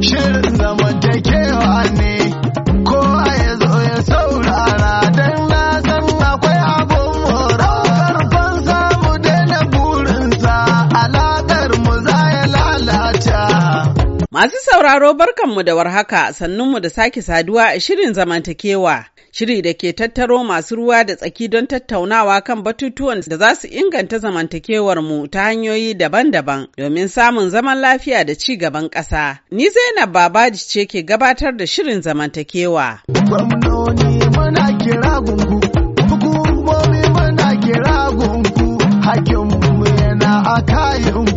shirin zamantakewa ne kowa ya zo ya saurara don na san akwai abun mora karfan samu daina burinsa alaƙar mu za ya lalata masu sauraro barkanmu da warhaka sannunmu da sake saduwa a shirin zamantakewa shiri da ke tattaro masu ruwa da tsaki don tattaunawa kan batutuwan da za su inganta zamantakewar mu ta hanyoyi daban-daban domin samun zaman lafiya da ci gaban ƙasa. Ni Zainab Babaji ce ke gabatar da shirin zamantakewa. Gwamnoni yana a kayan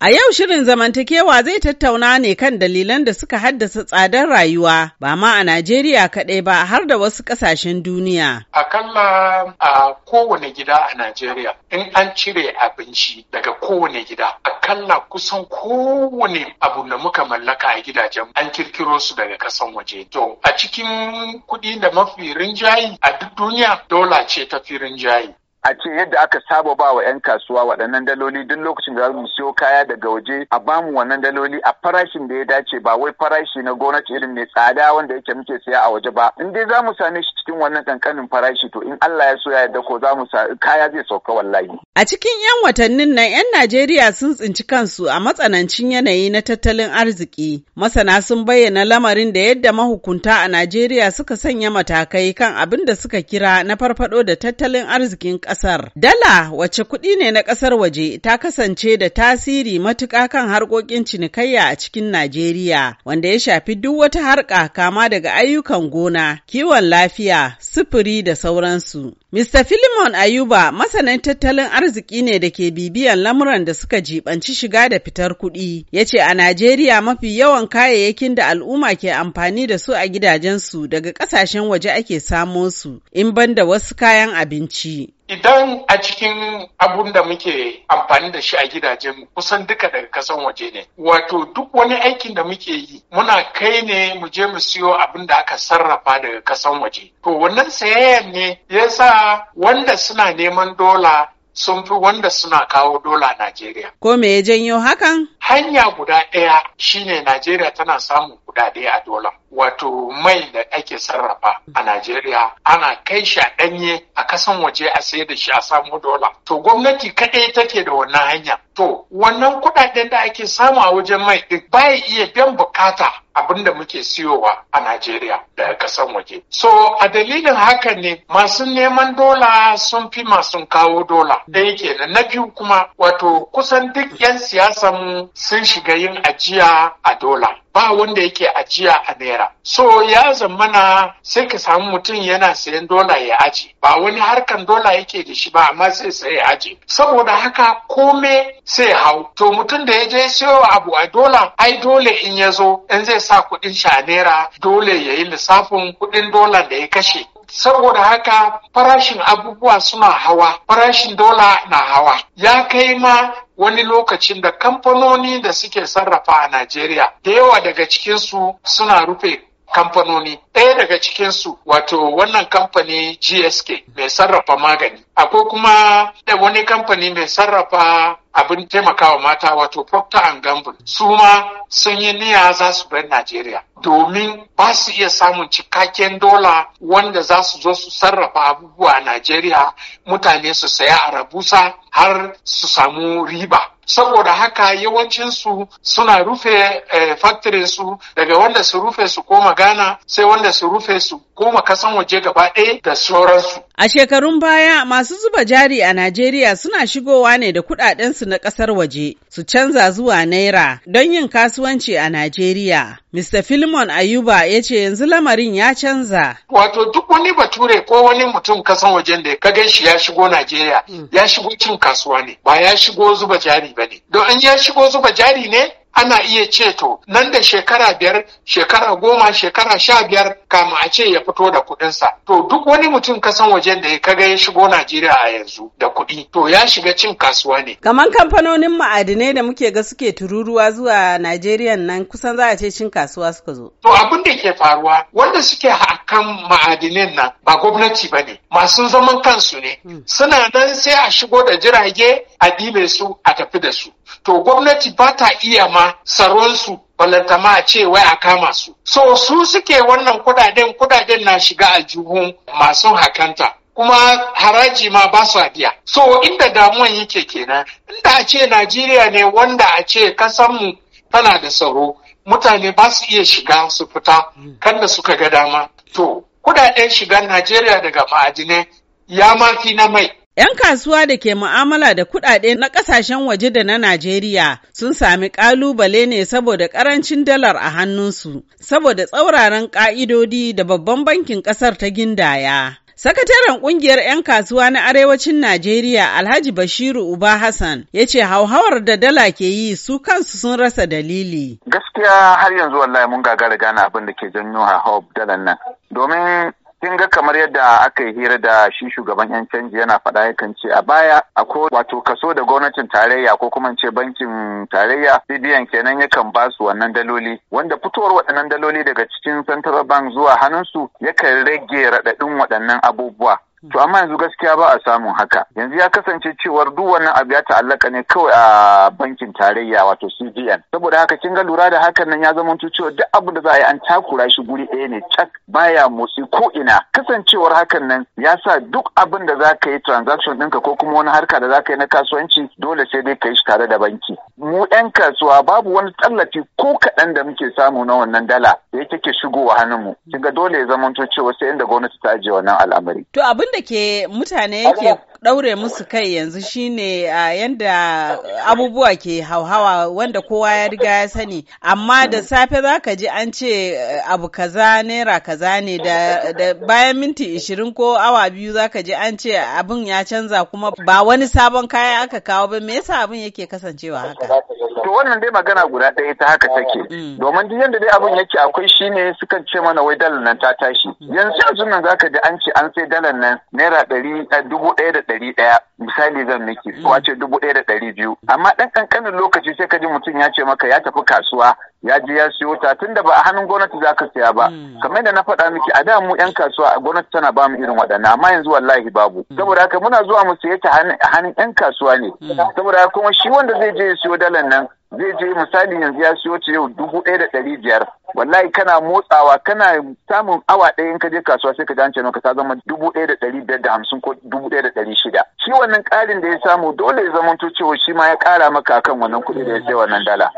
A yau shirin zamantakewa zai tattauna ne kan dalilan da suka haddasa tsadar rayuwa ba ma a Najeriya kaɗai ba har da wasu ƙasashen duniya. Akalla a kowane gida a Najeriya in an cire abinci daga kowane gida akalla kusan kowane abu da muka mallaka a gidajen an kirkiro su daga ƙasan waje. To a cikin kuɗi da mafi rinjayi a duk duniya dola ce ta fi rinjayi. a ce yadda aka saba ba wa 'yan kasuwa waɗannan daloli duk lokacin da za mu siyo kaya daga waje a bamu wannan daloli a farashin da ya dace ba wai farashi na gwamnati irin mai tsada wanda yake muke siya a waje ba in dai za mu same shi cikin wannan kankanin farashi to in Allah ya so ya yarda ko za mu kaya zai sauka wallahi a cikin 'yan watannin nan 'yan Najeriya sun tsinci kansu a matsanancin yanayi na tattalin arziki masana sun bayyana lamarin da yadda mahukunta a Najeriya suka sanya matakai kan abin da suka kira na farfado da tattalin arzikin ƙasar. Dala wace kuɗi ne na ƙasar waje ta kasance da tasiri matuƙa kan harkokin cinikayya a cikin Najeriya wanda ya shafi duk wata harka kama daga ayyukan gona, kiwon lafiya, sufuri da sauransu. Mr. Filimon Ayuba masanin tattalin arziki ne da ke bibiyan lamuran da suka jibanci shiga da fitar kuɗi. Ya ce a Najeriya mafi yawan kayayyakin da al'umma ke amfani da su a gidajensu daga ƙasashen waje ake samo su, in banda wasu kayan abinci. idan a cikin abun da muke amfani da shi a gidajen kusan duka daga kasan waje ne wato duk wani aikin da muke yi muna kai ne mu je mu siyo abin da aka sarrafa daga kasan waje to wannan sayayyan ne ya sa wanda suna neman dola sun fi wanda suna kawo dola Najeriya. Ko me ya janyo hakan? hanya guda ɗaya shine Najeriya tana samun kudade a dola. Wato mai da ake sarrafa a Najeriya ana kai shi a ɗanye a kasan waje a sayar da shi a samu dola. To gwamnati kaɗai take da wannan hanya. To wannan kudaden da ake samu a wajen mai ɗin baya iya biyan bukata abin da muke siyowa a Najeriya daga kasan waje. So a dalilin haka ne masu neman dola sun fi masu kawo dola. da yake na biyu kuma wato kusan duk 'yan siyasan sun shiga yin ajiya a dola ba wanda yake ajiya a naira so ya zamana sai ka samu mutum yana sayan dola ya aje ba wani harkan dola yake da shi ba amma sai sai ya saboda haka kome sai hau to mutum da ya je siyo abu a dola ai dole in ya zo in zai sa kuɗin shi a naira dole ya yi lissafin kuɗin dola da ya kashe saboda haka farashin abubuwa suna hawa farashin dola na hawa ya kai ma wani lokacin da kamfanoni da suke sarrafa a Najeriya da yawa daga cikinsu suna rufe kamfanoni ɗaya daga cikinsu wato wannan kamfani gsk mai sarrafa magani akwai kuma da wani kamfani mai sarrafa abin taimakawa mata wato Procter and Gamble su ma sun yi niyya za su bar Najeriya domin ba su iya samun cikakken dola wanda za su zo su sarrafa abubuwa a Najeriya mutane su saya a rabusa har su samu riba. Saboda haka yawancinsu suna rufe eh, su daga wanda su rufe su koma Ghana sai wanda su rufe su koma kasan waje gaba ɗaya da sauransu. A shekarun baya masu zuba jari a Najeriya suna shigowa ne da kudadensu na kasar waje su canza zuwa naira don yin kasuwanci a Najeriya. Mr. Filimon Ayuba ya ce yanzu lamarin ya canza. Wato duk wani bature ko wani mutum kasan wajen da ka gan shi ya shigo Najeriya hmm. ya shigo cin kasuwa ne ba ya shigo zuba jari ba ne. Don an ya shigo zuba jari ne ana iya ce to nan da shekara biyar shekara goma shekara sha biyar kama a ce ya fito da kuɗinsa to duk wani mutum kasan wajen da ya kaga ya shigo najeriya a yanzu da kuɗi to ya shiga cin kasuwa ne kaman kamfanonin ma'adinai da muke ga suke tururuwa zuwa najeriya nan kusan za a ce cin kasuwa suka zo to abin da ke faruwa wanda suke hakan ma'adinan nan ba gwamnati ba ne masu zaman kansu ne hmm. suna nan sai a shigo da jirage a dime su a tafi da su to gwamnati ba ta iya ma ma tsaronsu balantama a ce wai a kama su. So su suke wannan kudaden kudaden na shiga aljihun masu hakanta. kuma haraji ma ba su biya. So inda damuwan yake kenan, inda a ce Najeriya ne wanda a ce kasanmu tana da tsaro, mutane ba su iya shiga su fita kan da suka ga dama. To, kudaden shigan Najeriya daga ma'adinai ya mafi na mai. 'Yan kasuwa da ke mu'amala da kuɗaɗe na ƙasashen waje da na Najeriya sun sami ƙalubale ne saboda ƙarancin dalar a hannunsu, saboda tsauraran ƙa'idodi da babban bankin ƙasar ta gindaya. Sakataren ƙungiyar 'yan kasuwa na Arewacin Najeriya Alhaji Bashiru Uba Hassan ya ce hauhawar da dala ke yi su kansu sun rasa dalili. Gaskiya har yanzu wallahi mun gagara gane abin da ke janyo hauhawar dalar nan. Domin kin ga kamar yadda aka yi hira da shi shugaban yan canji yana faɗa yakan ce a baya akwai wato kaso da gwamnatin tarayya ko kuma ce bankin tarayya CBN kenan yakan ba su wannan daloli wanda fitowar waɗannan daloli daga cikin central bank zuwa hannunsu yakan rage raɗaɗin waɗannan abubuwa To amma yanzu gaskiya ba a samun haka. Yanzu ya kasance cewar duk wannan abu ya ta'allaka ne kawai a bankin tarayya wato CBN. Saboda haka kin ga lura da hakan nan ya zama cewa duk abu da za a yi an takura shi guri ɗaya ne cak baya motsi ko ina. Kasancewar hakan nan ya sa duk abin da za ka yi transaction ɗinka ko kuma wani harka da za ka yi na kasuwanci dole sai dai ka yi shi tare da banki. Mu 'yan kasuwa babu wani tallafi ko kaɗan da muke samu na wannan dala da yake shigowa hannunmu. mu. ga dole ya zama cewa sai inda gwamnati ta ajiye wannan al'amari. To abin da ke mutane ke ɗaure musu kai yanzu shine a yanda abubuwa ke hauhawa wanda kowa ya riga ya sani amma da safe za ka ji an ce eh, abu kaza naira kaza ne da bayan minti ishirin ko awa biyu za ka ji an ce abin ya canza kuma ba wani sabon kaya aka kawo ba me yasa abin yake kasancewa haka to wannan dai magana guda ɗaya ta haka take mm. domin duk yanda dai abin yake akwai shine sukan ce mana wai dalar nan ta tashi mm. yanzu yanzu nan za ka ji an ce an sai dalar nan naira ɗari eh, dubu ɗaya da ɗari ɗaya misali zan miki ko mm. a dubu ɗaya da ɗari biyu amma ɗan ƙanƙanin lokaci sai ka ji mutum ya ce maka ya tafi kasuwa ya je ya siyo ta tunda ba a hannun gwamnati za ka siya ba mm. kamar yadda na faɗa miki a da mu yan kasuwa a gwamnati tana ba mu irin waɗannan amma yanzu wallahi babu mm. saboda haka muna zuwa mu siye ta hannun yan kasuwa ne saboda haka kuma shi wanda zai je ya siyo dalan nan zai je misali yanzu ya siyo ta yau dubu ɗaya da ɗari biyar wallahi kana motsawa kana samun awa ɗaya in ka je kasuwa sai ka jance maka ta zama dubu ɗaya da ɗari biyar da hamsin ko dubu ɗaya da ɗari shida shi wannan ƙarin da ya samu dole ya zama cewa shi ma ya ƙara maka kan wannan kuɗi da ya sai wannan dala.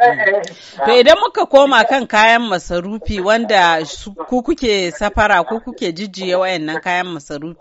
to idan muka koma kan kayan masarufi wanda ku kuke safara ko kuke jijjiye wayannan kayan masarufi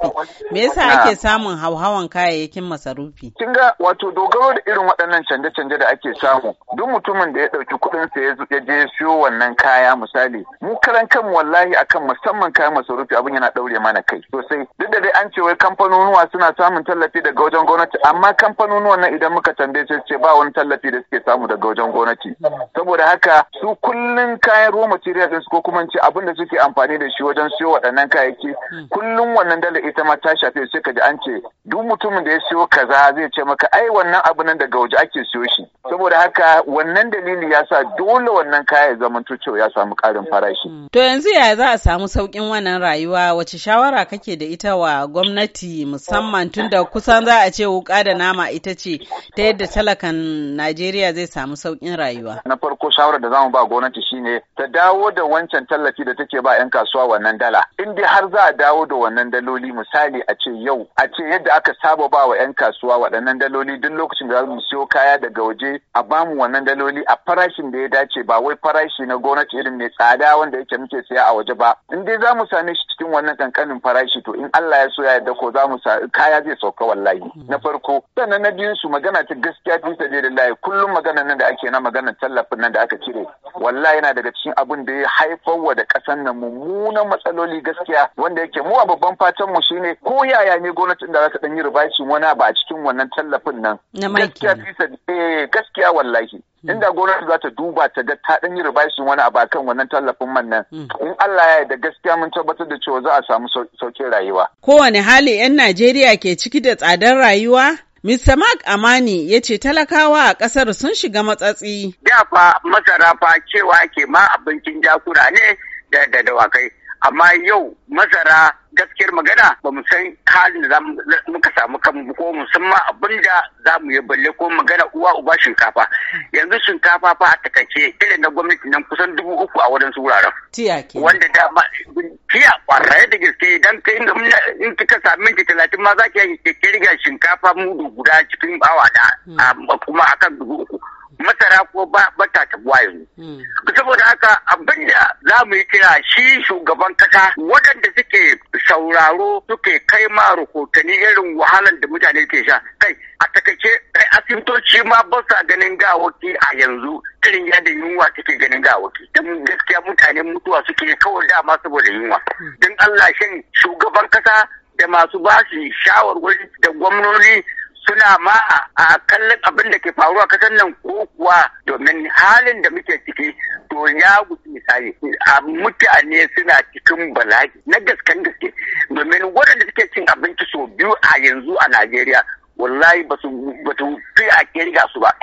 me yasa ah. ake samun hauhawan kayayyakin masarufi. kin ga wato dogaro da irin waɗannan canje-canje da ake samu duk mutumin da ya ɗauki kuɗinsa ya je siyo wannan kaya misali mu karan kan wallahi akan musamman kayan masarufi abin yana daure mana kai sosai duk da dai an ce wai kamfanonuwa suna samun tallafi daga wajen gwamnati amma kamfanonuwan nan idan muka tambaye su ce ba wani tallafi da suke samu daga wajen gwamnati saboda haka su kullun kayan raw material din su ko kuma ce abin da suke amfani da shi wajen siyo waɗannan kayayyaki hmm. kullun wannan dala ita ma ta shafe sai ka ji an ce duk mutumin da ya siyo kaza zai ce maka ai wannan abu nan daga waje ake siyo shi saboda haka wannan dalili ya sa dole wannan kaya ya zama cewa ya samu samu karin farashi. Mm. To yanzu yaya za a samu sauƙin wannan rayuwa wace shawara kake da ita wa gwamnati musamman tun da kusan za a ce wuka da nama ita ce ta yadda talakan Najeriya zai samu sauƙin rayuwa. Na farko shawarar da zamu ba gwamnati shine ta dawo da wancan tallafi da take ba 'yan kasuwa wannan dala. In dai har za a dawo da wannan daloli misali a ce yau a ce yadda aka saba ba wa 'yan kasuwa waɗannan daloli duk lokacin da za mu siyo kaya daga waje a bamu wannan daloli a farashin da ya dace ba wai farashi na gwamnati irin ne mai tsada wanda yake muke siya a waje ba in dai za mu same shi cikin wannan kankanin farashi to in Allah ya so ya yarda ko za mu kaya zai sauka wallahi hmm. na farko sannan na biyun su magana ta gaskiya da lai kullum magana nan da ake na magana tallafin nan da aka cire wallahi yana daga cikin abin da ya haifar wa da kasan nan mummunan matsaloli gaskiya wanda yake mu a babban fatan mu shine ko yaya ne gwamnatin da za ta dan yi ribacin wani ba a cikin wannan tallafin nan gaskiya fi eh, gaskiya wallahi Hmm. inda gwamnati za ta duba ta ga ta dan yi ribashin wani abu wannan tallafin man nan hmm. in Allah ya da gaskiya mun tabbatar da cewa za a samu saukin rayuwa kowane hali yan Najeriya ke ciki da tsadar rayuwa Mr. Mark Amani ya ce talakawa a ƙasar sun shiga matsatsi. Ya fa masara fa cewa ke ma abincin jakura ne da dawakai, amma yau masara gaskiyar magana ba mu san halin da muka samu kan mu ko musamman abin da za mu yi balle ko magana uwa uba shinkafa yanzu shinkafa fa a takaice irin na gwamnati nan kusan dubu uku a wadansu wuraren wanda ma tiya kwarai da gaske idan kai in kika sami minti talatin ma za ki riga shinkafa mudu guda cikin bawa da hmm. kuma akan dubu uku masara ko ba ta tabuwa yanzu. Hmm. Saboda haka abinda za mu yi kira shi shugaban kasa waɗanda suke sauraro suke kai ma rahotanni irin wahalan da mutane ke sha kai a takaice kai asibitoci ma ba sa ganin gawaki a yanzu irin yadda yunwa take ganin gawaki dan gaskiya mutane mutuwa suke kawai dama saboda yunwa dan Allah shin shugaban kasa da masu bashi shawarwari da gwamnoni suna ma a kallon abin da ke faruwa kasar nan ko kuwa domin halin da muke ciki to ya guji misali a mutane suna cikin bala'i na gaskan gaske domin waɗanda suke cin abinci sau biyu a yanzu a Najeriya wallahi ba su fi a riga su ba.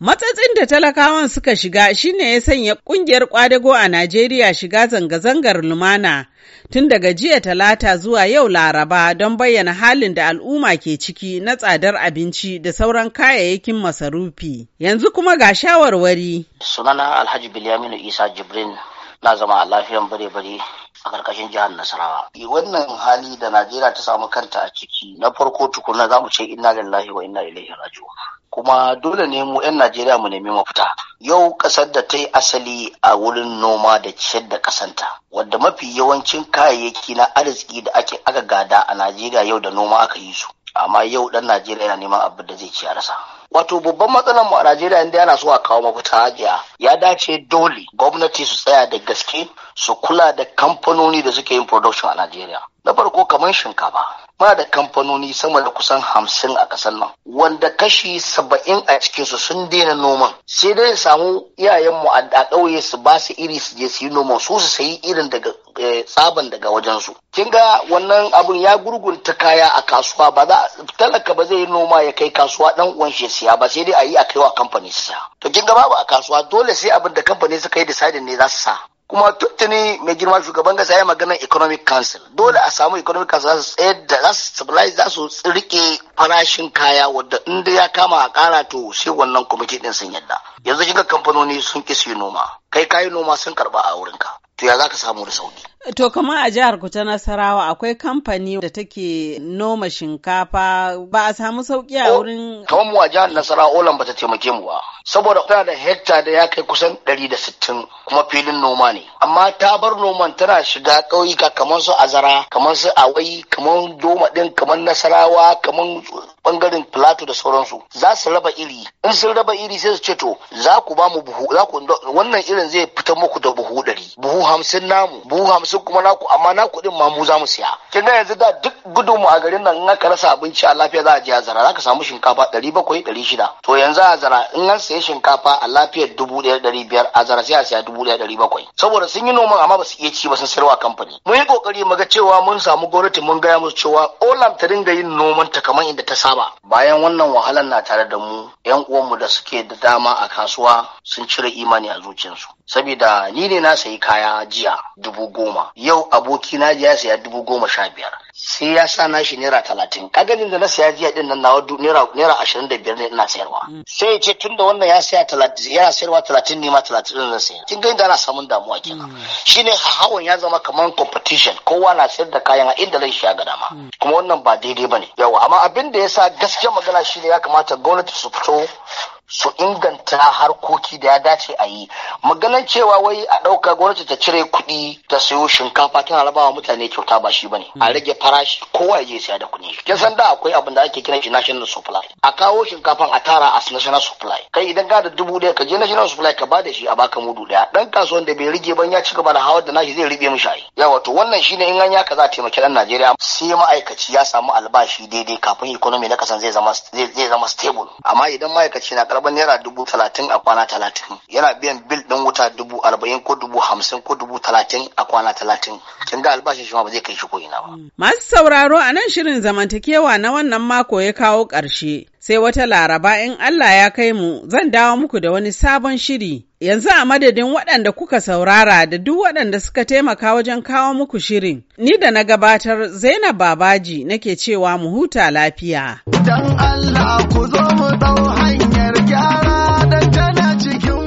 Matsatsin da talakawan suka shiga shine ya sanya kungiyar kwadago a Najeriya shiga zanga-zangar lumana tun daga jiya talata zuwa yau laraba don bayyana halin da al'umma ke ciki na tsadar abinci da sauran kayayyakin masarufi. Yanzu kuma ga shawarwari. Sunana Alhaji Bilyaminu Isa Jibrin na zama a lafiyan bare-bare a ƙarƙashin jihar Nasarawa. Eh, wannan hali da Najeriya ta samu kanta a ciki na farko tukuna za mu ce inna lillahi wa inna ilaihi raji'un. Kuma dole ne mu 'yan Najeriya mu nemi mafita. Yau ƙasar da ta yi asali a wurin noma da ciyar da ƙasanta, wadda mafi yawancin kayayyaki na arziki da ake aka gada a Najeriya yau da noma aka yi su. Amma yau ɗan Najeriya yana neman abin da zai ci a rasa. Wato babban matsalar mu a Najeriya inda yana so a kawo mafita hajiya. Ya dace dole gwamnati su tsaya da gaske su kula da kamfanoni da suke yin production a Najeriya. na farko kamar shinkafa Muna da kamfanoni sama da kusan hamsin a ƙasar nan wanda kashi saba'in a cikinsu sun daina noman sai dai samu iyayenmu a ƙauye su ba su iri su je su yi noman su su sayi irin daga eh, tsaban daga wajensu kin ga wannan abun ya gurgunta kaya a kasuwa ba za talaka ba zai yi noma ya kai kasuwa dan uwan shi siya ba sai dai a yi a kaiwa kamfani su sa to kin ga babu a kasuwa dole sai abin da kamfani suka yi decide ne za su sa kuma tuttuni mai girma shugaban kasa ya maganar economic council dole a samu economic council za su da za su stabilize za su rike farashin kaya wadda inda ya kama a kara to sai wannan kwamiti din sun yadda yanzu kinga kamfanoni sun ki su noma kai kayi noma sun karba a wurinka to ya za ka samu da sauki To kamar a jihar ku Nasarawa akwai kamfani da take noma shinkafa ba a samu sauki a oh, wurin. Kamar mu a jihar Nasarawa Olam bata taimake mu ba. Saboda tana da hekta da ya kai kusan sittin, kuma filin noma ne. Amma ta bar noman tana shiga ƙauyuka kamar su Azara, kamar su Awai, kamar Doma ɗin, kamar Nasarawa, kamar bangaren Plateau da sauransu. Za su raba iri. In sun raba iri sai su ce to za ku ba mu buhu, wannan irin zai fita muku da buhu ɗari. Buhu hamsin namu, buhu hamsin hamsin kuma naku amma naku din ma mu za mu siya kin ga yanzu da duk gudun mu a garin nan in aka rasa abinci a lafiya za a je zara za ka samu shinkafa ɗari bakwai ɗari shida to yanzu zara in an sayi shinkafa a lafiyar dubu ɗaya ɗari biyar zara sai a siya dubu ɗaya ɗari bakwai saboda sun yi noman amma ba su iya ci ba sun sayarwa kamfani mun yi kokari mu ga cewa mun samu gwamnati mun gaya musu cewa olam ta dinga yin noman ta kamar inda ta saba bayan wannan wahalar na tare da mu yan uwanmu da suke da dama a kasuwa sun cire imani a zuciyarsu saboda ni ne na sayi kaya jiya dubu goma yau aboki na ya saya dubu goma sha biyar sai ya sa na shi naira talatin kaganin da na saya jiya din nan nawa naira ashirin da biyar ne ina sayarwa mm. sai ya ce da wannan ya saya talatin yana sayarwa talatin ne ma talatin din na sayar kin ga inda ana samun damuwa kenan mm. shine hawan ya zama kamar competition kowa na sayar da kayan a inda zai shiga ga dama mm. kuma wannan ba daidai bane yawa amma abin da ya sa gaskiya magana shi shine ya kamata gwamnati su fito su inganta harkoki da ya dace a yi maganan cewa wai a ɗauka gwamnati ta cire kuɗi ta sayo shinkafa tana raba wa mutane kyauta ba shi bane a hmm. rage farashi kowa ya je siya da kuɗi kin san da akwai abin da ake kira shi national supply a kawo shinkafan a tara a national supply kai idan ka da dubu ɗaya ka je national supply ka bada shi a baka mudu ɗaya dan kasuwan da bai rige ban ya ci gaba da hawar da nashi zai rige mishi ayi yawa to wannan shine in an yaka za a taimaki ɗan Najeriya sai ma'aikaci ya samu albashi daidai kafin economy na kasan zai zama zai zama stable amma idan ma'aikaci na karɓar naira dubu talatin a kwana talatin yana biyan bil ɗin wuta dubu arba'in ko dubu hamsin ko dubu talatin a kwana talatin kin ga albashin shi ma ba zai kai shi ko ina ba. Hmm. masu sauraro a nan shirin zamantakewa na wannan mako ya kawo ƙarshe sai wata laraba in Allah ya kai mu zan dawo muku da wani sabon shiri. Yanzu a madadin waɗanda kuka saurara da duk waɗanda suka taimaka wajen kawo muku shirin. Ni da na gabatar Zainab Babaji nake cewa mu huta lafiya. Dan Allah ku zo mu hanya. you.